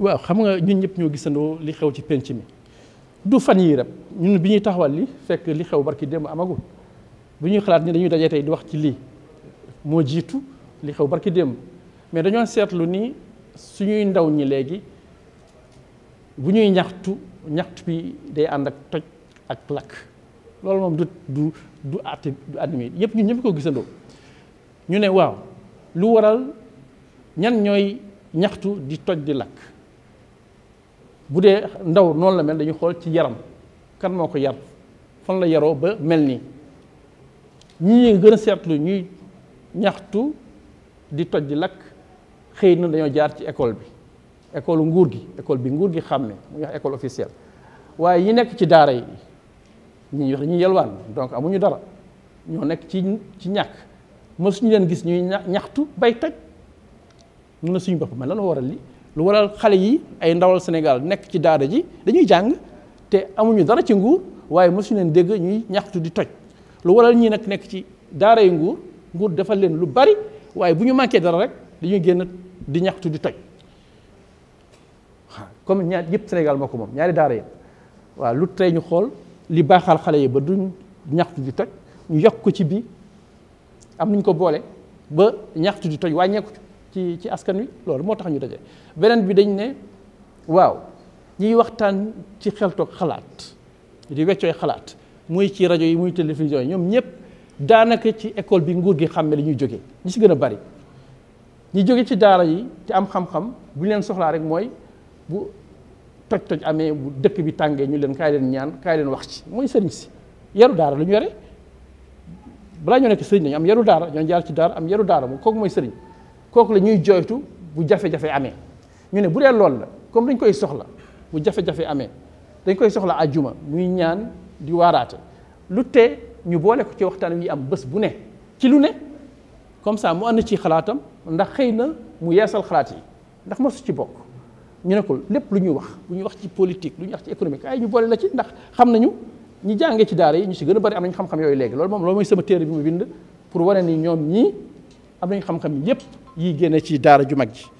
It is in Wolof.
waaw xam nga ñun ñëpp ñoo gisandoo li xew ci pénc mi du fan yii rek ñun bi ñuy taxawal li fekk li xew barki démb amagul bu ñuy xalaat ni dañuy dajee tey di wax ci lii moo jiitu li xew barki démb mais dañoo seetlu ni suñuy ndaw ñi léegi bu ñuy ñaxtu ñaxtu bi day ànd ak toj ak lakk loolu moom du du du àtte du admis yëpp ñun ñëpp koo gisandoo ñu ne waaw lu waral ñan ñooy ñaxtu di toj di lakk bu dee ndaw noonu la mel dañu xool ci yaram kan moo ko yar fan la yaroo ba mel nii ñi gën a seetlu ñuy ñaxtu di toj di lakk xëy na dañoo jaar ci école bi école nguur gi école bi nguur gi xam ne ngi wax école officielle waaye ñi nekk ci daara yi ñi wax ñu yalwaan donc amuñu dara ñoo nekk ci ci ñàkk mësuñu leen gis ñuy ñaxtu bay toj mun na suñu bopp mel lan war a li lu waral xale yi ay ndawal Sénégal nekk ci daara ji dañuy jàng te amuñu dara ci nguur waaye mosu leen dégg ñuy ñaxtu di toj lu waral ñii nag nekk ci daara yu nguur nguur defal leen lu bari waaye bu ñu manqué dara rek dañuy génn di ñaxtu di toj comme ñaar yëpp Sénégal moo ko moom ñaari daara yëpp waaw lu tey ñu xool li baaxal xale yi ba duñ ñaxtu di toj ñu yokk ko ci bi am nañ ko boole ba ñaxtu di toj wàññeeku. ci ci askan wi loolu moo tax ñu daje beneen bi dañ ne waaw ñiy waxtaan ci xeltoog xalaat di weccooy xalaat muy ci rajo yi muy télévision yi ñoom ñëpp daanaka ci école bi nguur gi xam ne li ñuy jóge ñu si gën a bari ñi jóge ci daara yi ci am xam-xam bu ñu leen soxlaa rek mooy bu toj-toj amee bu dëkk bi tàngee ñu leen kaay leen ñaan kaay leen wax ci mooy sëriñ si yaru daara lu ñu yore balaa ñoo nekk sëriñ dañu am yaru daara ñoo jaar ci daara am yaru daara moom kooku mooy sëriñ kooku la ñuy joytu bu jafe-jafe amee ñu ne bu dee lool la comme dañ koy soxla bu jafe-jafe amee dañ koy soxla àjjuma muy ñaan di waaraata lu te ñu boole ko ci waxtaan yi am bés bu ne ci lu ne comme ça mu ànd ci xalaatam ndax xëy na mu yeesal xalaat yi ndax mosu ci bokk ñu ne ko lépp lu ñuy wax lu ñuy wax ci politique lu ñuy wax ci économique ay ñu boole la ci ndax xam nañu ñi jàngee ci daara yi ñu si gën a bari am nañu xam-xam yooyu léegi loolu moom loolu mooy mu bind pour wane ni ñoom ñii am nañ xam-xam yépp yi génne ci daara ju mag ji